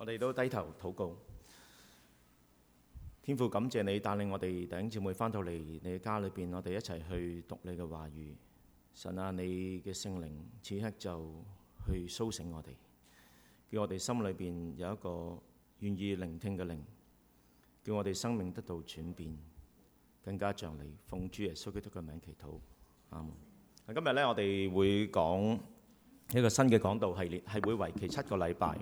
我哋都低頭禱告，天父感謝你帶領我哋弟兄姊妹翻到嚟你嘅家裏邊，我哋一齊去讀你嘅話語。神啊，你嘅聖靈此刻就去甦醒我哋，叫我哋心裏邊有一個願意聆聽嘅靈，叫我哋生命得到轉變，更加像你。奉主耶穌基督嘅名祈禱，阿門。今日呢，我哋會講一個新嘅講道系列，係會為期七個禮拜。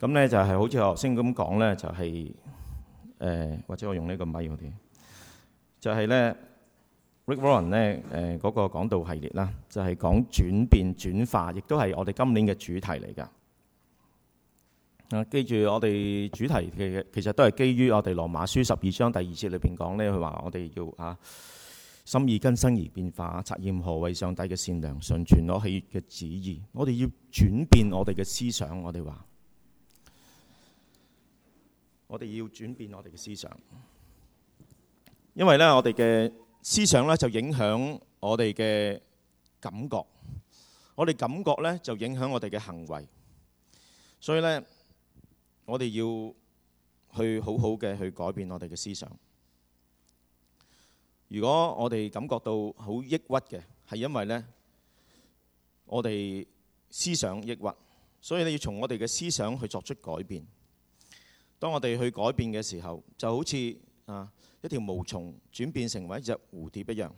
咁呢就係好似學生咁講呢，就係、是、誒、呃、或者我用呢個咪好啲，就係、是、呢 Rick Warren 呢誒嗰、呃那個講道系列啦，就係、是、講轉變轉化，亦都係我哋今年嘅主題嚟㗎。啊，記住我哋主題嘅其實都係基於我哋羅馬書十二章第二節裏邊講呢。佢話我哋要啊心意更新而變化，察驗何為上帝嘅善良，順從我起嘅旨意。我哋要轉變我哋嘅思想，我哋話。我哋要轉變我哋嘅思想，因為呢我哋嘅思想呢就影響我哋嘅感覺，我哋感覺呢就影響我哋嘅行為，所以呢我哋要去好好嘅去改變我哋嘅思想。如果我哋感覺到好抑鬱嘅，係因為呢我哋思想抑鬱，所以呢要從我哋嘅思想去作出改變。當我哋去改變嘅時候，就好似啊一條毛蟲轉變成為一隻蝴蝶一樣，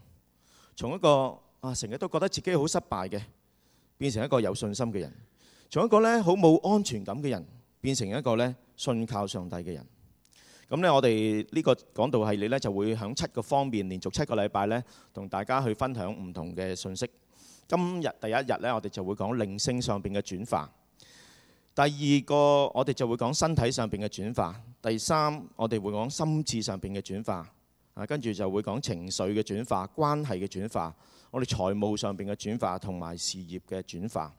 從一個啊成日都覺得自己好失敗嘅，變成一個有信心嘅人；從一個呢好冇安全感嘅人，變成一個呢信靠上帝嘅人。咁呢，我哋呢個講道系列呢，就會喺七個方面，連續七個禮拜呢，同大家去分享唔同嘅信息。今日第一日呢，我哋就會講靈性上邊嘅轉化。第二個，我哋就會講身體上邊嘅轉化；第三，我哋會講心智上邊嘅轉化啊，跟住就會講情緒嘅轉化、關係嘅轉化、我哋財務上邊嘅轉化同埋事業嘅轉化。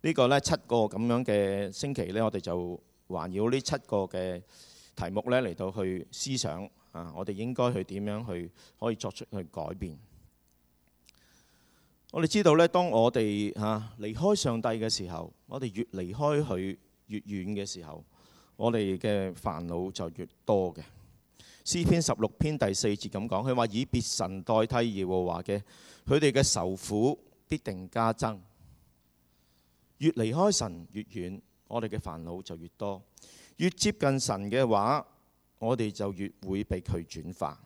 呢個呢，七個咁樣嘅星期呢，我哋就環繞呢七個嘅題目呢嚟到去思想啊，我哋應該去點樣去可以作出去改變。我哋知道呢，當我哋啊離開上帝嘅時候。我哋越離開佢越遠嘅時候，我哋嘅煩惱就越多嘅。詩篇十六篇第四節咁講，佢話以別神代替耶和華嘅，佢哋嘅愁苦必定加增。越離開神越遠，我哋嘅煩惱就越多。越接近神嘅話，我哋就越會被佢轉化。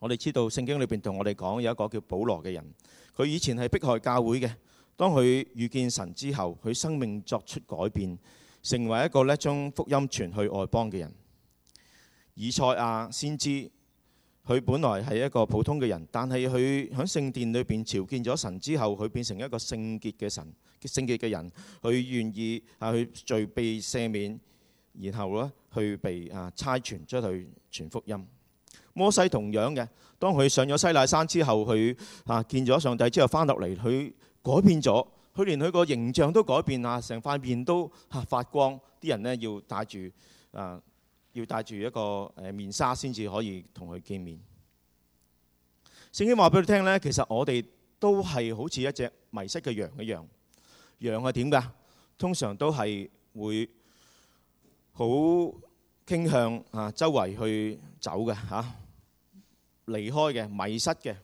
我哋知道聖經裏邊同我哋講有一個叫保羅嘅人，佢以前係迫害教會嘅。當佢遇見神之後，佢生命作出改變，成為一個咧將福音傳去外邦嘅人。以賽亞先知，佢本來係一個普通嘅人，但係佢喺聖殿裏邊朝見咗神之後，佢變成一個聖潔嘅神嘅聖潔嘅人，佢願意啊去罪被赦免，然後呢，去被啊差傳出去傳福音。摩西同樣嘅，當佢上咗西奈山之後，佢啊見咗上帝之後翻落嚟，佢。改變咗，佢連佢個形象都改變啊！成塊面都嚇發光，啲人呢要戴住啊、呃，要戴住一個誒面紗先至可以同佢見面。聖經話俾你聽呢，其實我哋都係好似一隻迷失嘅羊一樣，羊係點㗎？通常都係會好傾向啊，周圍去走嘅嚇、啊，離開嘅迷失嘅。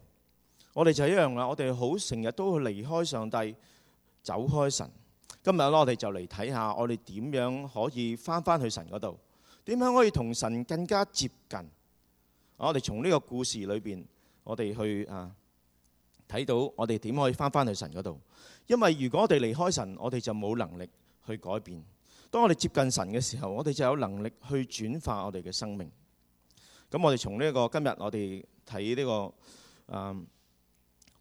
我哋就一樣啦。我哋好成日都會離開上帝，走開神。今日咧，我哋就嚟睇下我哋點樣可以返返去神嗰度，點樣可以同神更加接近。我哋從呢個故事裏邊，我哋去啊睇到我哋點可以返返去神嗰度。因為如果我哋離開神，我哋就冇能力去改變。當我哋接近神嘅時候，我哋就有能力去轉化我哋嘅生命。咁我哋從呢、這個今日、這個，我哋睇呢個嗯。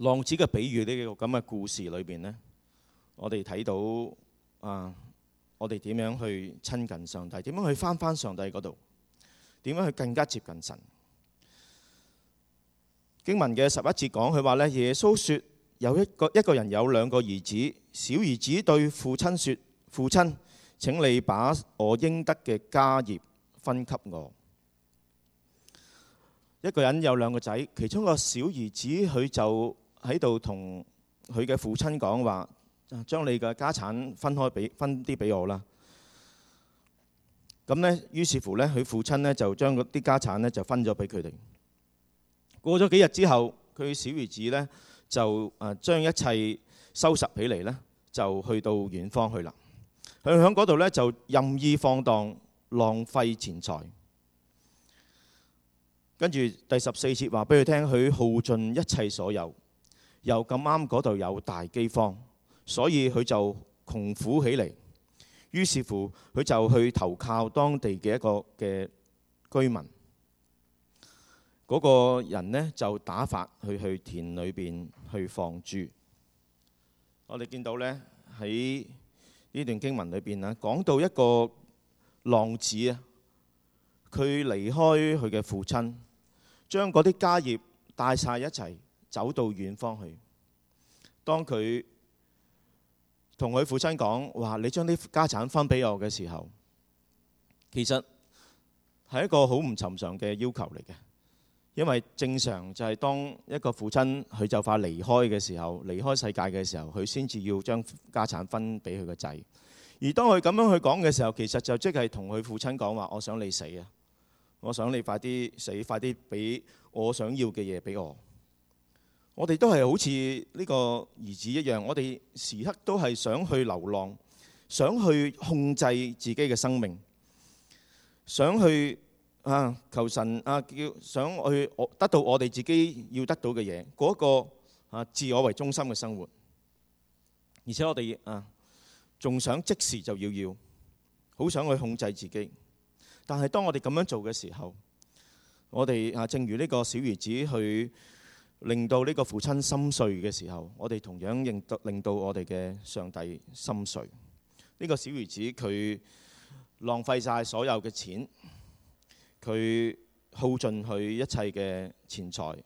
浪子嘅比喻呢、這個咁嘅故事裏邊呢，我哋睇到啊，我哋點樣去親近上帝？點樣去返返上帝嗰度？點樣去更加接近神？經文嘅十一節講，佢話呢：「耶穌說有一個一個人有兩個兒子，小兒子對父親說：父親，請你把我應得嘅家業分給我。一個人有兩個仔，其中個小兒子佢就喺度同佢嘅父親講話，將你嘅家產分開，俾分啲俾我啦。咁呢，於是乎呢，佢父親呢，就將嗰啲家產呢，就分咗俾佢哋。過咗幾日之後，佢小兒子呢，就誒將一切收拾起嚟呢就去到遠方去啦。佢喺嗰度呢，就任意放蕩，浪費錢財。跟住第十四節話俾佢聽，佢耗盡一切所有。又咁啱嗰度有大饑荒，所以佢就窮苦起嚟。於是乎，佢就去投靠當地嘅一個嘅居民。嗰個人呢，就打發佢去田裏邊去放豬。我哋見到呢，喺呢段經文裏邊啊，講到一個浪子啊，佢離開佢嘅父親，將嗰啲家業帶晒一齊。走到遠方去。當佢同佢父親講話：你將啲家產分俾我嘅時候，其實係一個好唔尋常嘅要求嚟嘅。因為正常就係當一個父親佢就快離開嘅時候，離開世界嘅時候，佢先至要將家產分俾佢個仔。而當佢咁樣去講嘅時候，其實就即係同佢父親講話：我想你死啊！我想你快啲死，快啲俾我想要嘅嘢俾我。我哋都係好似呢個兒子一樣，我哋時刻都係想去流浪，想去控制自己嘅生命，想去啊求神啊叫，想去得到我哋自己要得到嘅嘢，過一個啊自我為中心嘅生活。而且我哋啊仲想即時就要要，好想去控制自己。但係當我哋咁樣做嘅時候，我哋啊正如呢個小兒子去。令到呢個父親心碎嘅時候，我哋同樣令到令到我哋嘅上帝心碎。呢個小兒子佢浪費晒所有嘅錢，佢耗盡佢一切嘅錢財，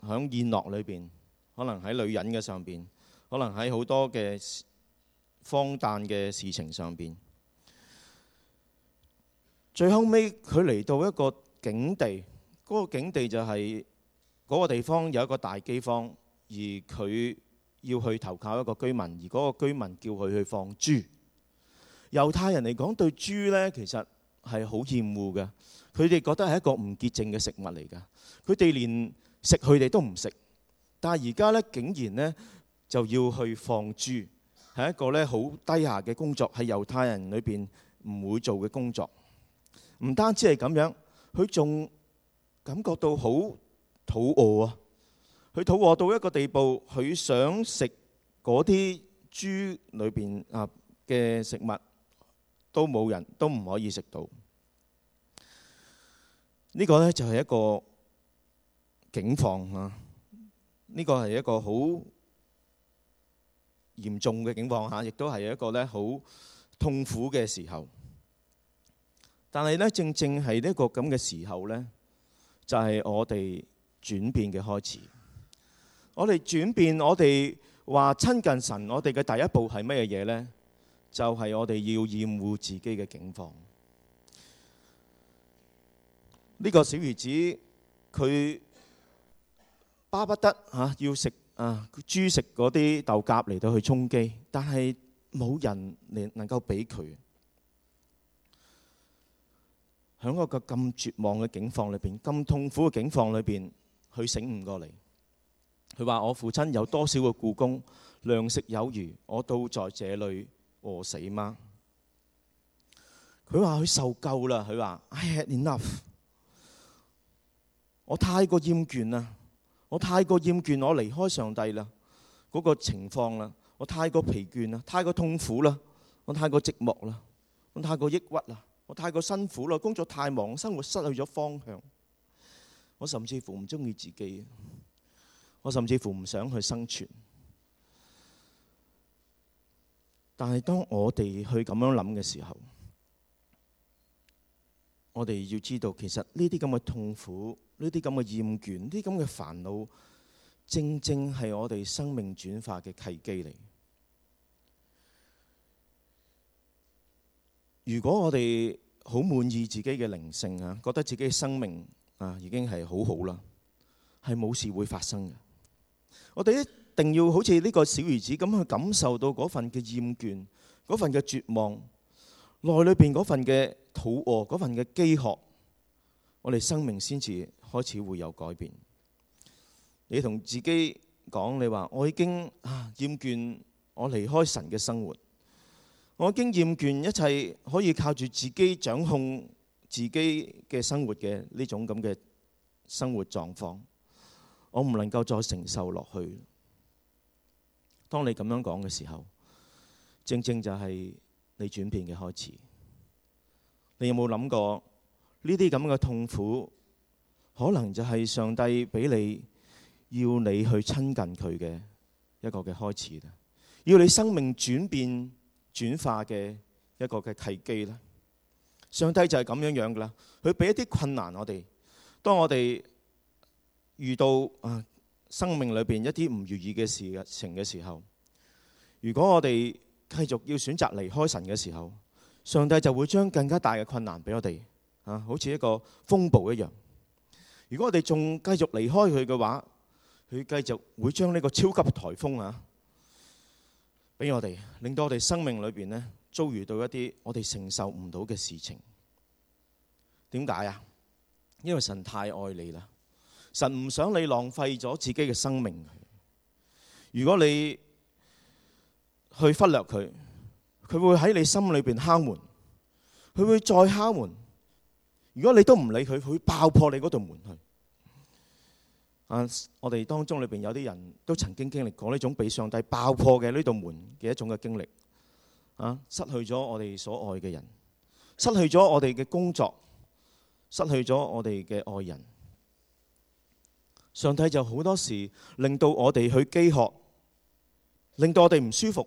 喺宴樂裏邊，可能喺女人嘅上邊，可能喺好多嘅荒誕嘅事情上邊。最後尾佢嚟到一個境地，嗰個境地就係。嗰個地方有一個大饑荒，而佢要去投靠一個居民，而嗰個居民叫佢去放豬。猶太人嚟講對豬呢其實係好厭惡嘅，佢哋覺得係一個唔潔淨嘅食物嚟㗎。佢哋連食佢哋都唔食，但係而家呢，竟然呢就要去放豬，係一個呢好低下嘅工作，喺猶太人裏邊唔會做嘅工作。唔單止係咁樣，佢仲感覺到好。肚餓啊！佢肚餓到一個地步，佢想食嗰啲豬裏邊啊嘅食物，都冇人都唔可以食到。呢個呢就係一個境況啊！呢個係一個好嚴重嘅境況嚇，亦都係一個呢好痛苦嘅時候。但係呢，正正係呢個咁嘅時候呢，就係我哋。轉變嘅開始，我哋轉變，我哋話親近神，我哋嘅第一步係乜嘢嘢呢？就係、是、我哋要厭惡自己嘅境況。呢、這個小兒子佢巴不得嚇、啊、要食啊豬食嗰啲豆夾嚟到去充飢，但係冇人能能夠俾佢。喺一個咁絕望嘅境況裏邊，咁痛苦嘅境況裏邊。佢醒唔過嚟，佢話我父親有多少個雇工，糧食有餘，我都在這裏餓死嗎？佢話佢受夠啦，佢話 I had enough，我太過厭倦啦，我太過厭倦，我離開上帝啦，嗰、那個情況啦，我太過疲倦啦，太過痛苦啦，我太過寂寞啦，我太過抑鬱啦，我太過辛苦啦，工作太忙，生活失去咗方向。我甚至乎唔中意自己，我甚至乎唔想去生存。但係，當我哋去咁樣諗嘅時候，我哋要知道，其實呢啲咁嘅痛苦、呢啲咁嘅厭倦、呢啲咁嘅煩惱，正正係我哋生命轉化嘅契機嚟。如果我哋好滿意自己嘅靈性啊，覺得自己嘅生命，啊！已經係好好啦，係冇事會發生嘅。我哋一定要好似呢個小兒子咁去感受到嗰份嘅厭倦、嗰份嘅絕望、內裏邊嗰份嘅肚餓、嗰份嘅飢渴，我哋生命先至開始會有改變。你同自己講，你話：我已經啊厭倦，我離開神嘅生活，我已經厭倦一切可以靠住自己掌控。自己嘅生活嘅呢種咁嘅生活狀況，我唔能夠再承受落去。當你咁樣講嘅時候，正正就係你轉變嘅開始。你有冇諗過呢啲咁嘅痛苦，可能就係上帝俾你要你去親近佢嘅一個嘅開始啦，要你生命轉變轉化嘅一個嘅契機咧。上帝就係咁樣樣噶啦，佢俾一啲困難我哋。當我哋遇到啊生命裏邊一啲唔如意嘅事情嘅時候，如果我哋繼續要選擇離開神嘅時候，上帝就會將更加大嘅困難俾我哋啊，好似一個風暴一樣。如果我哋仲繼續離開佢嘅話，佢繼續會將呢個超級颱風啊俾我哋，令到我哋生命裏邊呢，遭遇到一啲我哋承受唔到嘅事情，點解啊？因為神太愛你啦，神唔想你浪費咗自己嘅生命。如果你去忽略佢，佢會喺你心裏邊敲門，佢會再敲門。如果你都唔理佢，佢會爆破你嗰道門去。啊，我哋當中裏邊有啲人都曾經經歷過呢種被上帝爆破嘅呢道門嘅一種嘅經歷。啊！失去咗我哋所愛嘅人，失去咗我哋嘅工作，失去咗我哋嘅愛人，上帝就好多時令到我哋去飢渴，令到我哋唔舒服，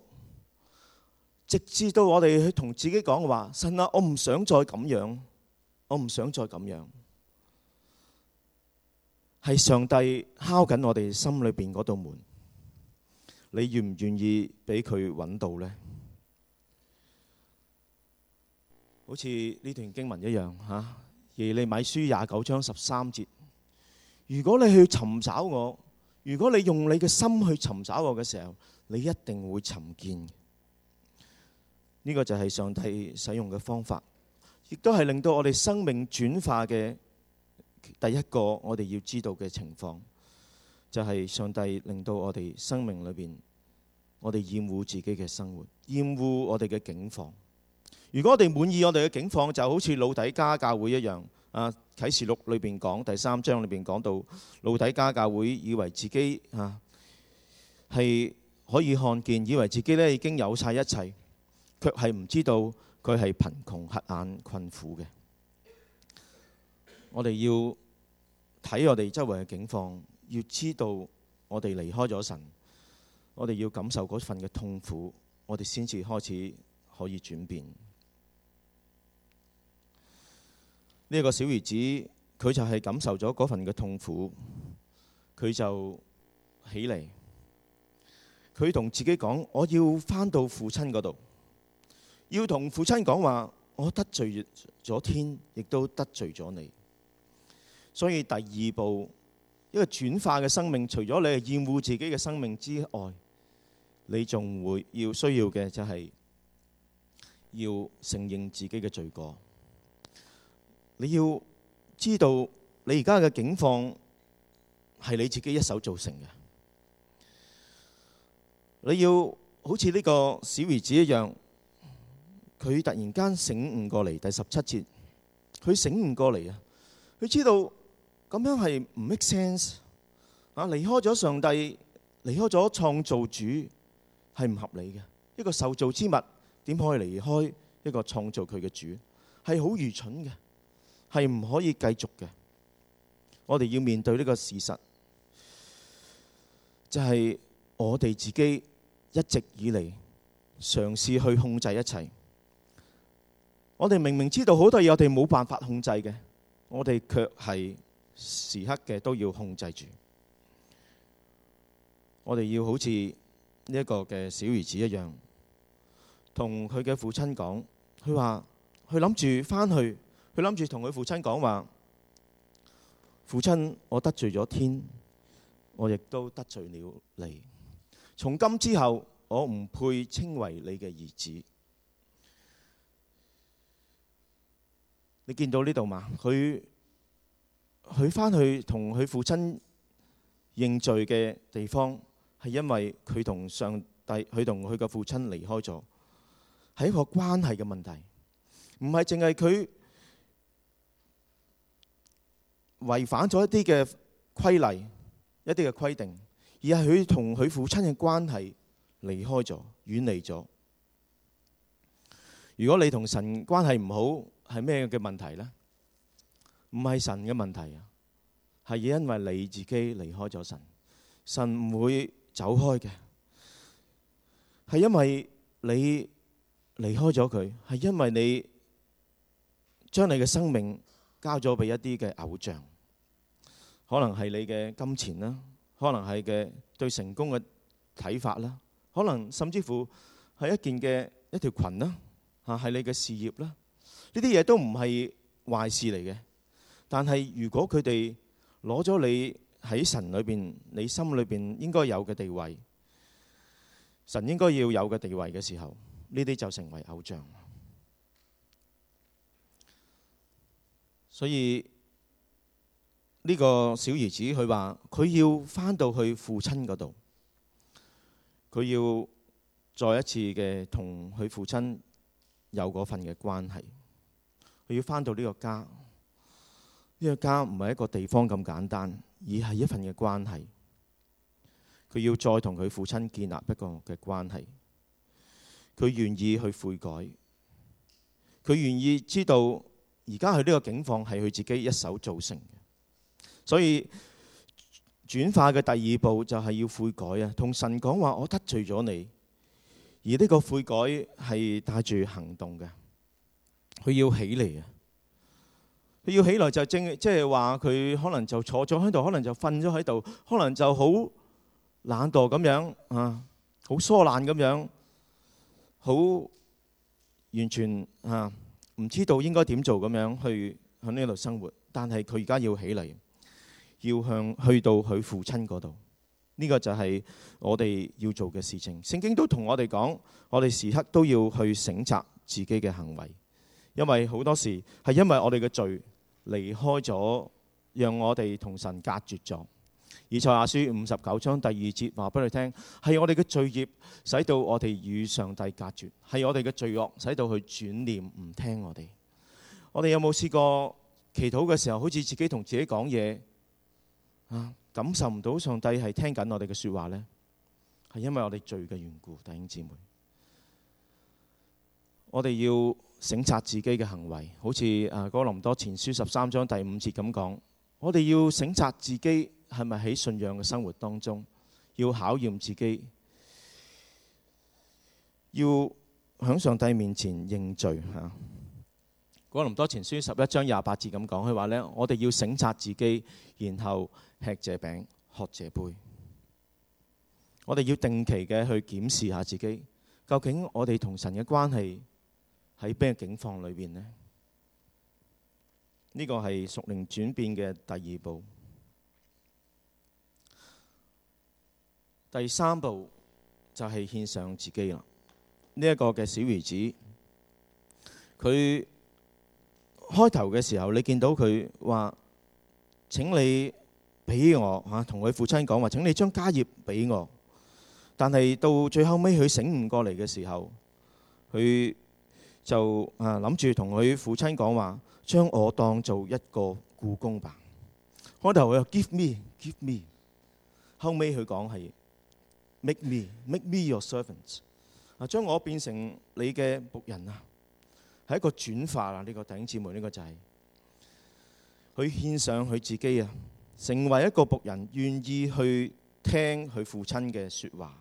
直至到我哋去同自己講話：神啊，我唔想再咁樣，我唔想再咁樣。係上帝敲緊我哋心裏邊嗰道門，你願唔願意俾佢揾到呢？好似呢段經文一樣嚇，耶、啊、利米書廿九章十三節。如果你去尋找我，如果你用你嘅心去尋找我嘅時候，你一定會尋見。呢、這個就係上帝使用嘅方法，亦都係令到我哋生命轉化嘅第一個我哋要知道嘅情況，就係、是、上帝令到我哋生命裏邊，我哋厭惡自己嘅生活，厭惡我哋嘅境況。如果我哋滿意我哋嘅境況，就好似老底家教會一樣。啊，《啟示錄》裏邊講第三章裏邊講到，老底家教會以為自己啊係可以看見，以為自己呢已經有晒一切，卻係唔知道佢係貧窮、瞎眼、困苦嘅。我哋要睇我哋周圍嘅境況，要知道我哋離開咗神，我哋要感受嗰份嘅痛苦，我哋先至開始。可以轉變呢個小兒子，佢就係感受咗嗰份嘅痛苦，佢就起嚟。佢同自己講：我要返到父親嗰度，要同父親講話，我得罪咗天，亦都得罪咗你。所以第二步，一個轉化嘅生命，除咗你係厭惡自己嘅生命之外，你仲會要需要嘅就係……要承認自己嘅罪過，你要知道你而家嘅境況係你自己一手造成嘅。你要好似呢個小兒子一樣，佢突然間醒悟過嚟。第十七節，佢醒悟過嚟啊！佢知道咁樣係唔 make sense 啊！離開咗上帝，離開咗創造主，係唔合理嘅。一個受造之物。點可以離開一個創造佢嘅主？係好愚蠢嘅，係唔可以繼續嘅。我哋要面對呢個事實，就係我哋自己一直以嚟嘗試去控制一切。我哋明明知道好多嘢我哋冇辦法控制嘅，我哋卻係時刻嘅都要控制住。我哋要好似呢一個嘅小兒子一樣。同佢嘅父親講，佢話：佢諗住返去，佢諗住同佢父親講話。父親，我得罪咗天，我亦都得罪了你。從今之後，我唔配稱為你嘅兒子。你見到呢度嘛？佢佢返去同佢父親認罪嘅地方，係因為佢同上帝，佢同佢嘅父親離開咗。係一個關係嘅問題，唔係淨係佢違反咗一啲嘅規例，一啲嘅規定，而係佢同佢父親嘅關係離開咗，遠離咗。如果你同神關係唔好，係咩嘅問題呢？唔係神嘅問題啊，係因為你自己離開咗神，神唔會走開嘅，係因為你。離開咗佢，係因為你將你嘅生命交咗俾一啲嘅偶像，可能係你嘅金錢啦，可能係你嘅對成功嘅睇法啦，可能甚至乎係一件嘅一條裙啦，吓係你嘅事業啦，呢啲嘢都唔係壞事嚟嘅。但係如果佢哋攞咗你喺神裏邊，你心裏邊應該有嘅地位，神應該要有嘅地位嘅時候。呢啲就成為偶像。所以呢個小兒子佢話：佢要返到去父親嗰度，佢要再一次嘅同佢父親有嗰份嘅關係。佢要返到呢個家，呢個家唔係一個地方咁簡單，而係一份嘅關係。佢要再同佢父親建立一個嘅關係。佢願意去悔改，佢願意知道而家佢呢個境況係佢自己一手造成嘅，所以轉化嘅第二步就係要悔改啊！同神講話，我得罪咗你，而呢個悔改係帶住行動嘅，佢要起嚟啊！佢要起來就正，即係話佢可能就坐咗喺度，可能就瞓咗喺度，可能就好懶惰咁樣啊，好疏懶咁樣。好完全啊，唔知道應該點做咁樣去喺呢度生活。但係佢而家要起嚟，要向去到佢父親嗰度。呢個就係我哋要做嘅事情。聖經都同我哋講，我哋時刻都要去省察自己嘅行為，因為好多時係因為我哋嘅罪離開咗，讓我哋同神隔絕咗。以賽亞書五十九章第二節話俾你聽，係我哋嘅罪孽使到我哋與上帝隔絕，係我哋嘅罪惡使到佢轉念唔聽我哋。我哋有冇試過祈禱嘅時候，好似自己同自己講嘢感受唔到上帝係聽緊我哋嘅說話呢？係因為我哋罪嘅緣故，弟兄姊妹。我哋要省察自己嘅行為，好似啊哥林多前書十三章第五節咁講，我哋要省察自己。係咪喺信仰嘅生活當中，要考驗自己，要喺上帝面前認罪嚇？啊《哥林多前書》十一章廿八節咁講，佢話呢：「我哋要省察自己，然後吃這餅，喝這杯。我哋要定期嘅去檢視下自己，究竟我哋同神嘅關係喺咩境況裏邊呢？這」呢個係屬靈轉變嘅第二步。第三步就係獻上自己啦。呢一個嘅小兒子，佢開頭嘅時候，你見到佢話，請你俾我吓，同、啊、佢父親講話，請你將家業俾我。但係到最後尾，佢醒悟過嚟嘅時候，佢就啊諗住同佢父親講話，將我當做一個僱工吧。開頭佢話：give me，give me。後尾佢講係。Make me, make me your servants 啊！將我變成你嘅僕人啊，係一個轉化啦。呢個弟兄姊妹呢個就係、是、佢獻上佢自己啊，成為一個僕人，願意去聽佢父親嘅說話，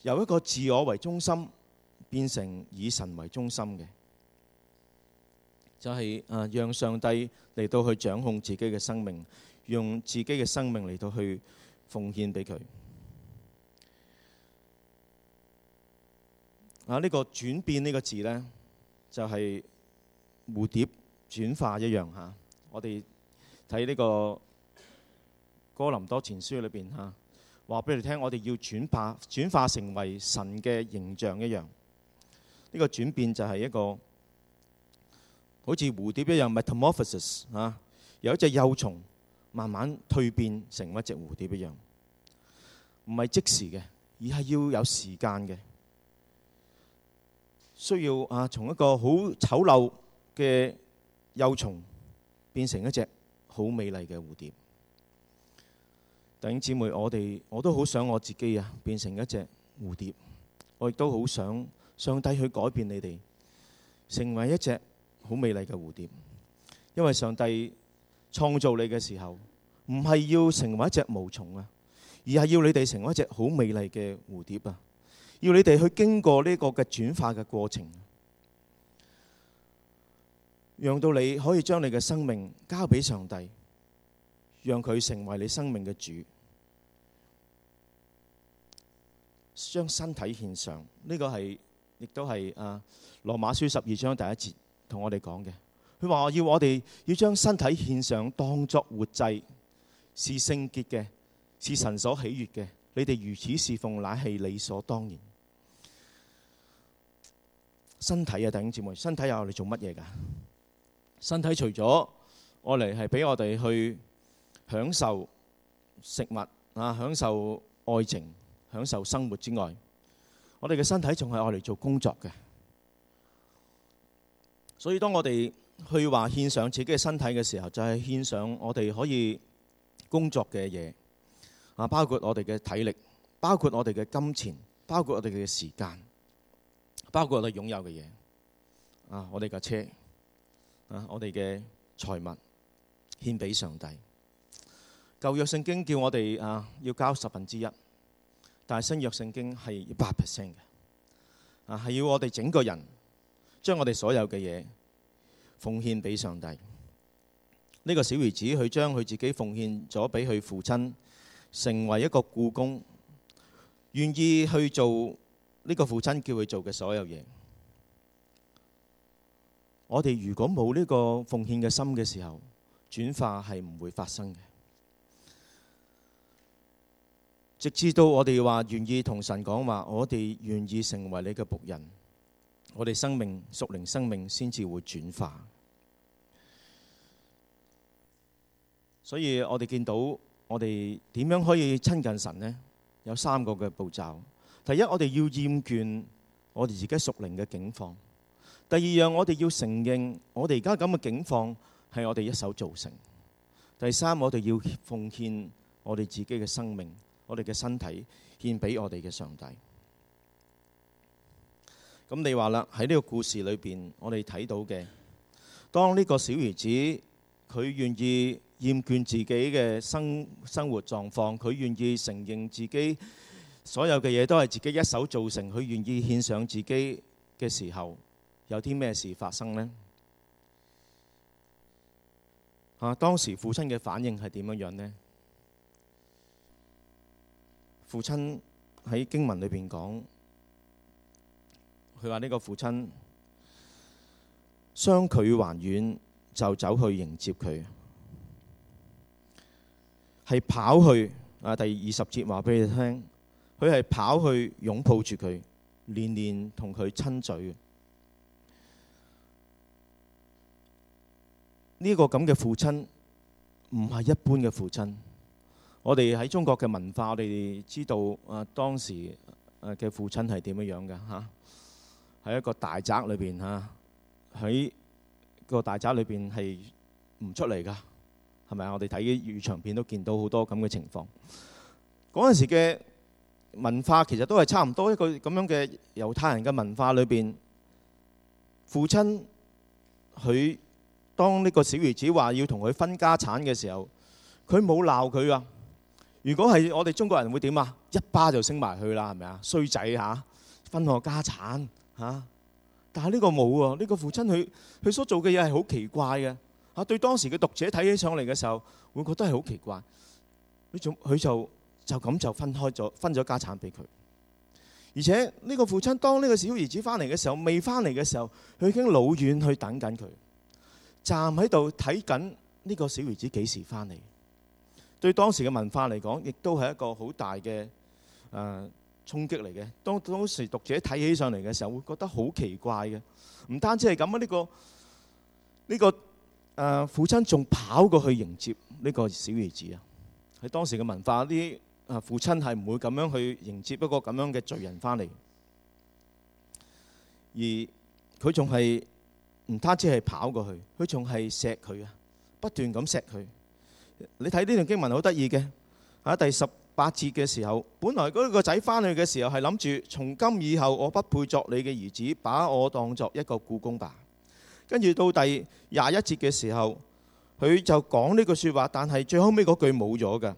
由一個自我為中心變成以神為中心嘅，就係啊，讓上帝嚟到去掌控自己嘅生命，用自己嘅生命嚟到去。奉獻俾佢啊！呢、呢個轉變呢個字呢，就係、係、蝴蝶轉化一樣嚇、啊。我哋睇呢個《哥林多前書裏面》裏邊嚇，話俾你聽我，我哋要轉化轉化成為神嘅形象一樣。呢、呢個轉變就係一個好似蝴蝶一樣 metamorphosis 有、啊、一隻幼蟲。慢慢蛻變成一隻蝴蝶一樣，唔係即時嘅，而係要有時間嘅，需要啊從一個好醜陋嘅幼蟲變成一隻好美麗嘅蝴蝶。弟兄姊妹，我哋我都好想我自己啊變成一隻蝴蝶，我亦都好想上帝去改變你哋，成為一隻好美麗嘅蝴蝶，因為上帝。創造你嘅時候，唔係要成為一隻毛蟲啊，而係要你哋成為一隻好美麗嘅蝴蝶啊！要你哋去經過呢個嘅轉化嘅過程，讓到你可以將你嘅生命交俾上帝，讓佢成為你生命嘅主，將身體獻上。呢個係亦都係啊羅馬書十二章第一節同我哋講嘅。佢話：要我哋要將身體獻上，當作活祭，是聖潔嘅，是神所喜悅嘅。你哋如此侍奉，乃係理所當然。身體啊，弟兄姐妹，身體又係我哋做乜嘢㗎？身體除咗愛嚟係俾我哋去享受食物啊，享受愛情、享受生活之外，我哋嘅身體仲係愛嚟做工作嘅。所以當我哋去話獻上自己嘅身體嘅時候，就係、是、獻上我哋可以工作嘅嘢啊，包括我哋嘅體力，包括我哋嘅金錢，包括我哋嘅時間，包括我哋擁有嘅嘢啊。我哋架車啊，我哋嘅財物獻俾上帝。舊約聖經叫我哋啊要交十分之一，但係新約聖經係要八 percent 嘅啊，係要我哋整個人將我哋所有嘅嘢。奉獻俾上帝，呢個小兒子佢將佢自己奉獻咗俾佢父親，成為一個僱工，願意去做呢個父親叫佢做嘅所有嘢。我哋如果冇呢個奉獻嘅心嘅時候，轉化係唔會發生嘅。直至到我哋話願意同神講話，我哋願意成為你嘅僕人，我哋生命屬靈生命先至會轉化。所以我哋見到我哋點樣可以親近神呢？有三個嘅步驟。第一，我哋要厭倦我哋自己屬靈嘅境況；第二樣，我哋要承認我哋而家咁嘅境況係我哋一手造成；第三，我哋要奉獻我哋自己嘅生命、我哋嘅身體獻俾我哋嘅上帝。咁你話啦，喺呢個故事裏邊，我哋睇到嘅當呢個小兒子佢願意厭倦自己嘅生生活狀況，佢願意承認自己所有嘅嘢都係自己一手造成，佢願意獻上自己嘅時候，有啲咩事發生呢？啊！當時父親嘅反應係點樣樣呢？父親喺經文裏邊講，佢話呢個父親相距還遠，就走去迎接佢。係跑去啊！第二十節話俾你聽，佢係跑去擁抱住佢，連連同佢親嘴。呢個咁嘅父親唔係一般嘅父親。我哋喺中國嘅文化，我哋知道啊，當時嘅父親係點樣樣噶吓？喺一個大宅裏邊吓，喺個大宅裏邊係唔出嚟噶。係咪？我哋睇啲預場片都見到好多咁嘅情況。嗰陣時嘅文化其實都係差唔多一個咁樣嘅猶太人嘅文化裏邊。父親佢當呢個小兒子話要同佢分家產嘅時候，佢冇鬧佢啊。如果係我哋中國人會點啊？一巴就升埋去啦，係咪啊？衰仔吓，分我家產吓、啊。但係呢個冇啊。呢、這個父親佢佢所做嘅嘢係好奇怪嘅。嚇！對當時嘅讀者睇起上嚟嘅時候，會覺得係好奇怪。佢就佢就就咁就分開咗，分咗家產俾佢。而且呢個父親當呢個小兒子翻嚟嘅時候，未翻嚟嘅時候，佢已經老遠去等緊佢，站喺度睇緊呢個小兒子幾時翻嚟。對當時嘅文化嚟講，亦都係一個好大嘅誒衝擊嚟嘅。當當時讀者睇起上嚟嘅時候，會覺得好奇怪嘅。唔單止係咁啊，呢個呢個。父親仲跑過去迎接呢個小兒子啊！喺當時嘅文化，啲父親係唔會咁樣去迎接一個咁樣嘅罪人翻嚟，而佢仲係唔單止係跑過去，佢仲係錫佢啊！不斷咁錫佢。你睇呢段經文好得意嘅，喺第十八節嘅時候，本來嗰個仔翻去嘅時候係諗住從今以後我不配作你嘅兒子，把我當作一個雇工吧。跟住到第廿一節嘅時候，佢就講呢句説話，但係最後尾嗰句冇咗嘅。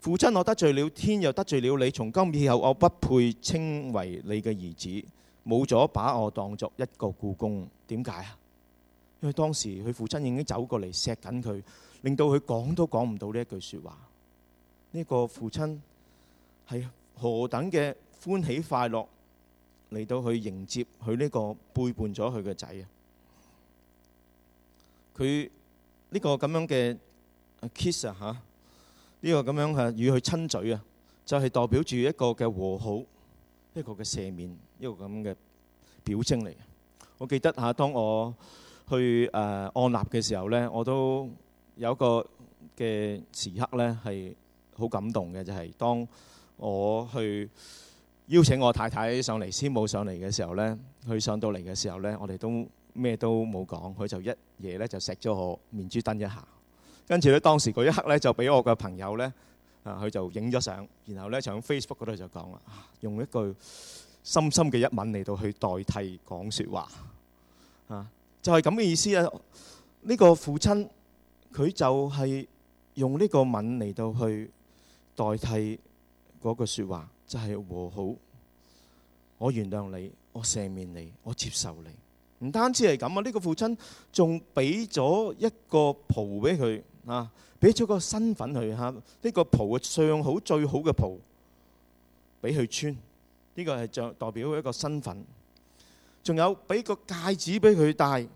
父親，我得罪了天，又得罪了你。從今以後，我不配稱為你嘅兒子，冇咗把我當作一個雇工。點解啊？因為當時佢父親已經走過嚟錫緊佢，令到佢講都講唔到呢一句説話。呢、這個父親係何等嘅歡喜快樂嚟到去迎接佢呢個背叛咗佢嘅仔啊！佢呢個咁樣嘅 kiss 啊嚇，呢、呢個咁樣啊與佢親嘴啊，就係、是、代表住一個嘅和好，一個嘅赦免，一個咁嘅表徵嚟。我記得嚇，當我去誒、呃、按立嘅時候咧，我都有一個嘅時刻咧係好感動嘅，就係、是、當我去邀請我太太上嚟，師母上嚟嘅時候咧，佢上到嚟嘅時候咧，我哋都，咩都冇講，佢就一夜咧就錫咗我面珠墩一下，跟住咧當時嗰一刻咧就俾我嘅朋友咧啊，佢就影咗相，然後咧就喺 Facebook 嗰度就講啦，用一句深深嘅一吻嚟到去代替講説話啊，就係咁嘅意思啊！呢、呢個父親佢就係用呢個吻嚟到去代替嗰個説話，就係、係、和好，我原諒你，我赦免你，我接受你。唔單止係咁啊！呢、呢個父親仲俾咗一個袍俾佢啊，俾咗個身份佢嚇。呢、啊呢個袍嘅上好最好嘅袍，俾佢穿。呢、呢個係著代表一個身份。仲有俾個戒指俾佢戴。呢、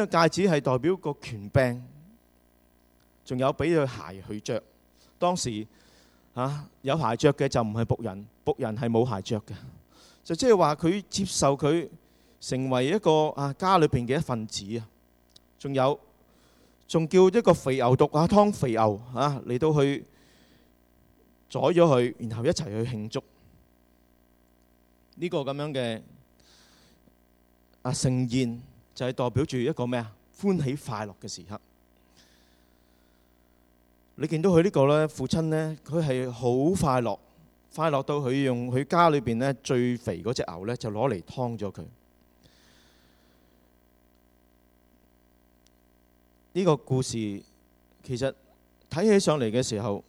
呢個戒指係代表個權柄。仲有俾對鞋去着。當時嚇、啊、有鞋着嘅就唔係僕人，僕人係冇鞋着嘅。就即係話佢接受佢。成為一個啊，家裏邊嘅一份子啊，仲有仲叫一個肥牛犢啊，劏肥牛啊嚟到去宰咗佢，然後一齊去慶祝呢個咁樣嘅啊盛宴，就係代表住一個咩啊？歡喜快樂嘅時刻。你見到佢呢個咧，父親咧，佢係好快樂，快樂到佢用佢家裏邊咧最肥嗰隻牛咧，就攞嚟劏咗佢。呢個故事其實睇起上嚟嘅時候，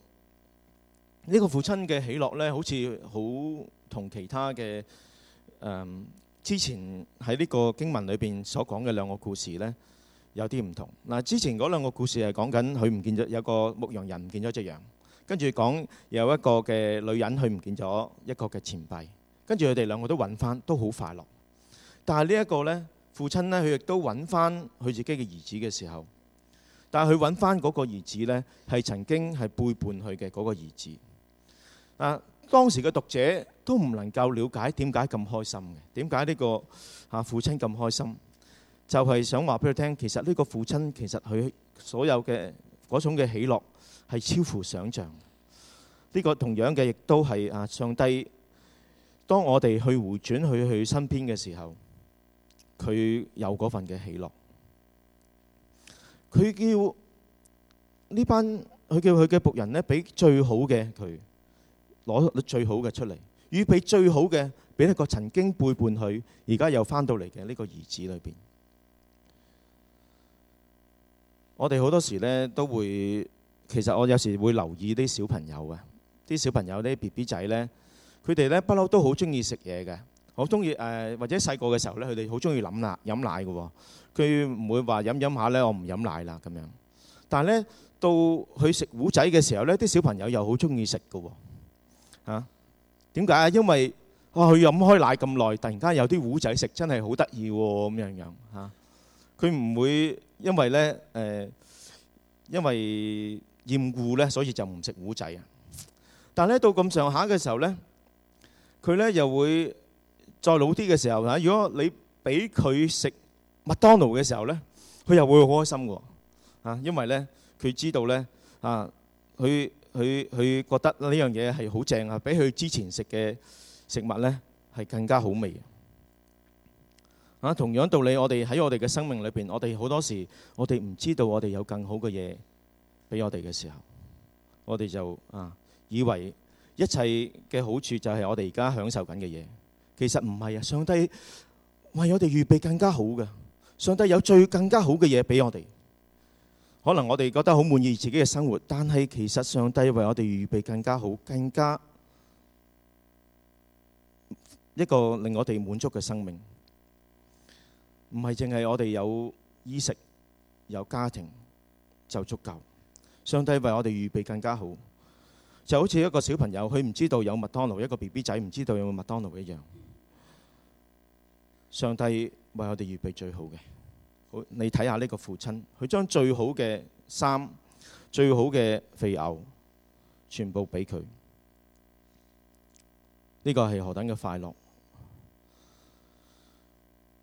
呢、這個父親嘅喜樂呢，好似好同其他嘅、嗯、之前喺呢個經文裏邊所講嘅兩個故事呢，有啲唔同嗱。之前嗰兩個故事係講緊佢唔見咗，有個牧羊人唔見咗隻羊，跟住講有一個嘅女人佢唔見咗一個嘅錢幣，跟住佢哋兩個都揾翻都好快樂。但係呢一個呢，父親呢，佢亦都揾翻佢自己嘅兒子嘅時候。但係佢揾翻嗰個兒子呢，係曾經係背叛佢嘅嗰個兒子。啊，當時嘅讀者都唔能夠了解點解咁開心嘅，點解呢個啊、啊、父親咁開心？就係、是、想話俾佢聽，其實呢個父親其實佢所有嘅嗰種嘅喜樂係超乎想象。呢、這個同樣嘅亦都係啊，上帝，當我哋去回轉去佢身邊嘅時候，佢有嗰份嘅喜樂。佢叫呢班，佢叫佢嘅僕人呢，俾最好嘅佢攞最好嘅出嚟，預備最好嘅俾一個曾經背叛佢而家又翻到嚟嘅呢個兒子裏邊。我哋好多時呢都會，其實我有時會留意啲小朋友啊，啲小朋友啲 BB 仔呢，佢哋呢不嬲都好中意食嘢嘅，好中意誒，或者細個嘅時候呢，佢哋好中意飲奶，哦，飲奶嘅喎。佢唔會話飲飲下呢，我唔飲奶啦咁樣。但係呢，到佢食糊仔嘅時候呢，啲小朋友又好中意食噶嚇。點解？因為哇，佢飲開奶咁耐，突然間有啲糊仔食，真係好得意喎咁樣樣嚇。佢唔會因為呢誒，因為厭惡呢，所以就唔食糊仔啊。但係呢，到咁上下嘅時候呢，佢呢又會再老啲嘅時候嚇，如果你俾佢食麥當勞嘅時候呢，佢又會好開心㗎啊，因為呢，佢知道呢，啊，佢佢佢覺得呢樣嘢係好正啊，比佢之前食嘅食物呢係更加好味啊！同樣道理，我哋喺我哋嘅生命裏邊，我哋好多時我哋唔知道我哋有更好嘅嘢俾我哋嘅時候，我哋就啊以為一切嘅好處就係我哋而家享受緊嘅嘢，其實唔係啊！上帝為我哋預備更加好嘅。上帝有最更加好嘅嘢俾我哋，可能我哋覺得好滿意自己嘅生活，但係其實上帝為我哋預備更加好、更加一個令我哋滿足嘅生命，唔係淨係我哋有衣食、有家庭就足夠。上帝為我哋預備更加好，就好似一個小朋友，佢唔知道有麥當勞，一個 BB 仔唔知道有冇麥當勞一樣。上帝。為我哋預備最好嘅。好，你睇下呢個父親，佢將最好嘅衫、最好嘅肥牛，全部俾佢。呢個係何等嘅快樂！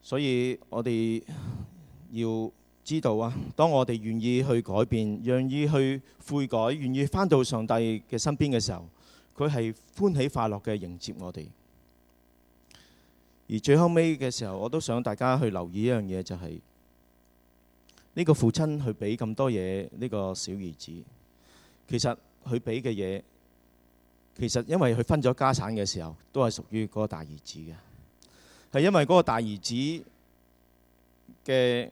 所以我哋要知道啊，當我哋願意去改變、願意去悔改、願意翻到上帝嘅身邊嘅時候，佢係歡喜快樂嘅迎接我哋。而最，最後尾嘅時候，我都想大家去留意一樣嘢，就係、係、呢個父親去俾咁多嘢呢，呢個小兒子。其實佢俾嘅嘢，其實因為佢分咗家產嘅時候，都係屬於嗰個大兒子嘅。係因為嗰個大兒子嘅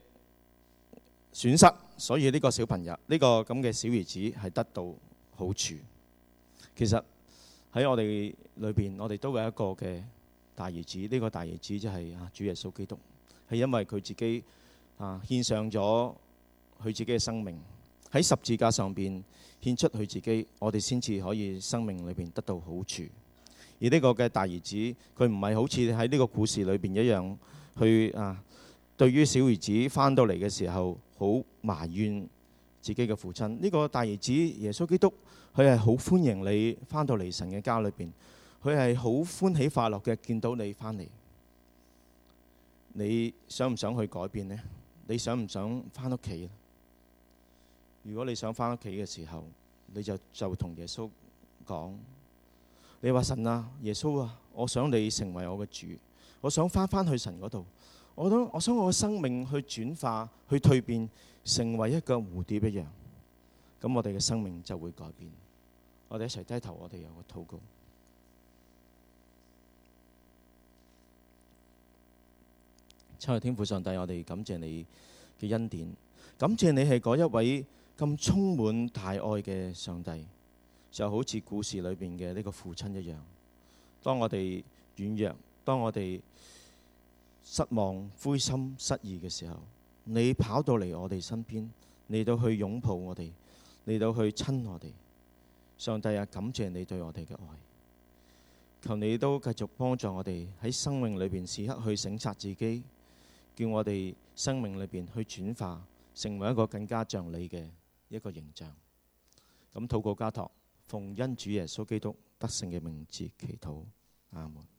損失，所以呢個小朋友呢個咁嘅小兒子係得到好處。其實喺我哋裏邊，我哋都有一個嘅。大兒子呢、呢個大兒子即係啊主耶穌基督，係因為佢自己啊獻上咗佢自己嘅生命，喺十字架上邊獻出佢自己，我哋先至可以生命裏邊得到好處。而呢個嘅大兒子佢唔係好似喺呢個故事裏邊一樣去啊，對於小兒子翻到嚟嘅時候好埋怨自己嘅父親。呢、呢個大兒子耶穌基督佢係好歡迎你翻到嚟神嘅家裏邊。佢係好歡喜快樂嘅，見到你翻嚟。你想唔想去改變呢？你想唔想翻屋企？如果你想翻屋企嘅時候，你就就同耶穌講：你話神啊，耶穌啊，我想你成為我嘅主，我想翻翻去神嗰度。我都我想我嘅生命去轉化，去蛻變，成為一個蝴蝶一樣。咁我哋嘅生命就會改變。我哋一齊低頭，我哋有個禱告。親愛天父上帝，我哋感謝你嘅恩典，感謝你係嗰一位咁充滿大愛嘅上帝，就好似故事裏邊嘅呢個父親一樣。當我哋軟弱，當我哋失望、灰心、失意嘅時候，你跑到嚟我哋身邊，嚟到去擁抱我哋，嚟到去親我哋。上帝啊，感謝你對我哋嘅愛，求你都繼續幫助我哋喺生命裏邊時刻去省察自己。叫我哋生命裏邊去轉化，成為一個更加像你嘅一個形象。咁禱告交託，奉恩主耶穌基督得勝嘅名字祈禱，阿門。